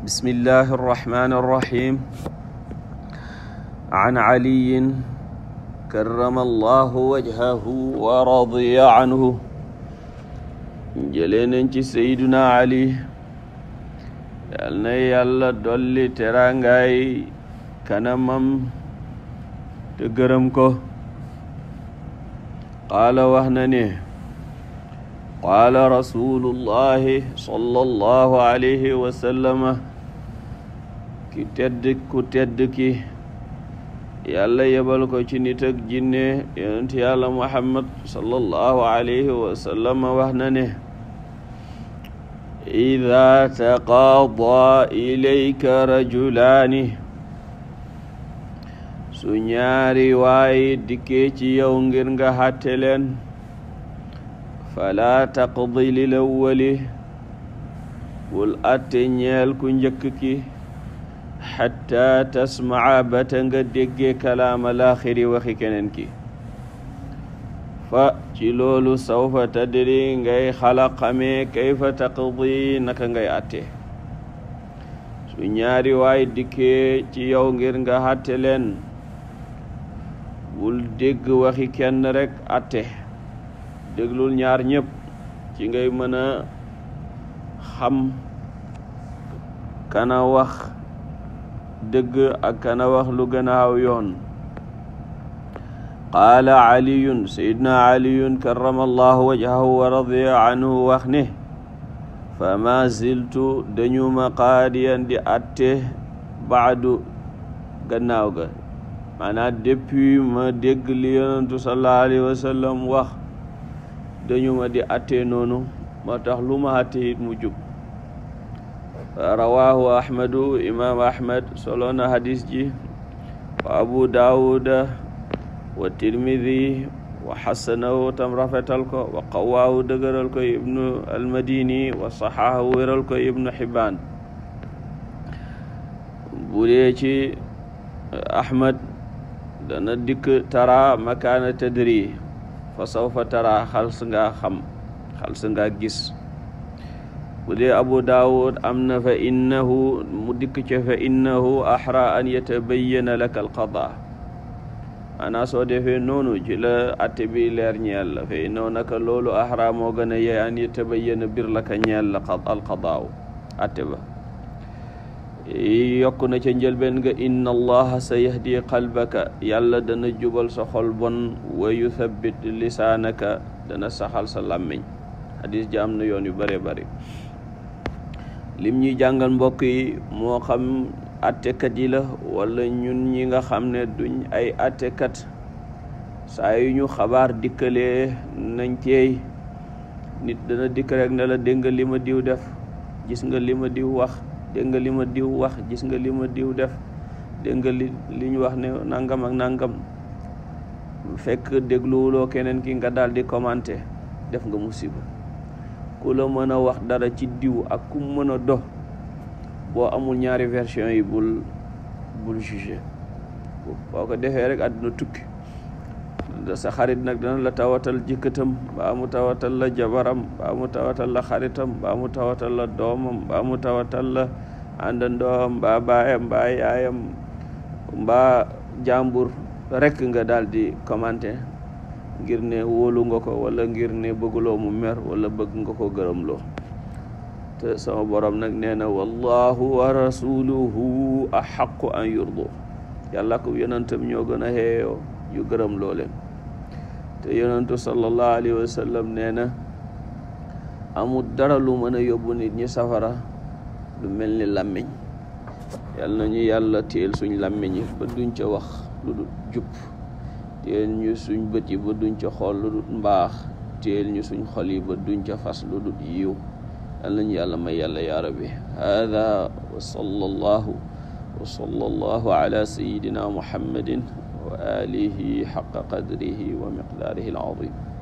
بسم الله الرحمن الرحيم عن علي كرم الله وجهه ورضي عنه jëlee nañ ci sayduna ali yal na yàlla dolli teraangaay kanamam te gërëm ko qaala wax na ne qaala rasulullahi sallallahu alayhi wa sallama ki tedd ku tedd ki yàlla yebal ko ci nit ak jinne yonent yàlla muhammad sallallahu alayhi wa sallama wax na ne ida taqaadaa ilayka rajulaani su ñaari waay dikkee ci yow ngir nga xàtte leen fala taqdi lil awwali bul atte ñeel ku njëkk ki xatta tasmaa bata nga déggee kalaama laaxiri waxi keneen ki fa ci loolu sawfa tadri ngay xala xamee kayfa taqdi naka ngay atte su ñaari waay dikkee ci yow ngir nga atte leen bul dégg waxi kenn rek atte déglul ñaar ñëpp ci ngay mën a xam kana wax dëgg ak kana wax lu gënaaw yoon qaala caliyun sayidna caliyun karama allahu wajhahu wa radiya anhu wax ne fa ma ziltu dañu ma qaadiyan di atte baadu gannaaw ga maanaam depuis ma dégg li yonentu sallallahu alayhi wa sallam wax dañu ma di attee noonu moo tax lu ma mu jub rawahu ahmadu imam ahmad solo hadis ji wa abu daawuda wa tirmidi wa xasanahu tam rafetal ko wa qawaahu dëgëral ko ibnu almadini wa saxaahu wéral ko ibnu xibaan bu eh, ahmad dana dikk tara makaana tadri fa sawfa tara xals nga xam xals nga gis bu dee abu daawud am na fa innahu mu dikk ca fa innahu ahra an yatabayyana laka alqada ana soo defee noonu ci la atte leer ñeel la fa innahu naka loolu ahra moo gën a yee an yatabayyana bir laka ñeel la alqadaaw atte ba yokk na ca njëlbeen nga inna allaha sa yahdi qalbaka yàlla dana jubal sa xol bon wa yuthabbit lisaanaka dana saxal sa làmmiñ hadis ja na yoon yu bare bare lim ñuy jàngal mbokk yi moo xam attekat yi la walla ñun ñi nga xam ne duñ ay attekat saa yu ñu xabaar dikkalee nañ ceey nit dana dikk rek ne la dégg nga diw def gis nga lima diw wax dégg nga li ma diw wax gis nga li ma diw def dégg nga li li ñu wax ne nangam ak nangam fekk dégluwuloo keneen ki nga daal di commenté def nga musiba ku la mën a wax dara ci diw ak ku mën a do boo amul ñaari version yi bul bul jugé boo defee rek àdduna tukki sa xarit nag dana la tawatal jëkkëtam mbaa mu tawatal la jabaram mbaa tawatal la xaritam mbaa mu tawatal la doomam tawatal la àndandoom mbaa baayam mbaa yaayam mbaa jàmbur rekk nga daal di commenter ngir ne wóolu nga ko wala ngir ne bëgguloo mu mer wala bëgg nga ko gërëmloo te borom nag nee na wallahu wa rasuluhu axaqu te yonentu sallallahu alayhi wa sallam nee na amul dara lu mën a yóbbu nit ñi safara lu mel ni làmmiñ yal na ñu yàlla teel suñ làmmiñ yi ba duñ wax lu dul jub teel ñu suñ bët ba duñ xool lu dul mbaax teel ñu suñ xol yi ba duñ ca fas lu dul yiw yal na ñu yàlla ma yàlla yaa rabbi hada wa sallallahu wa sallallahu ala sayidina muhammadin wa alihi xaqa qadrihi wa miqdaarihi al-aziim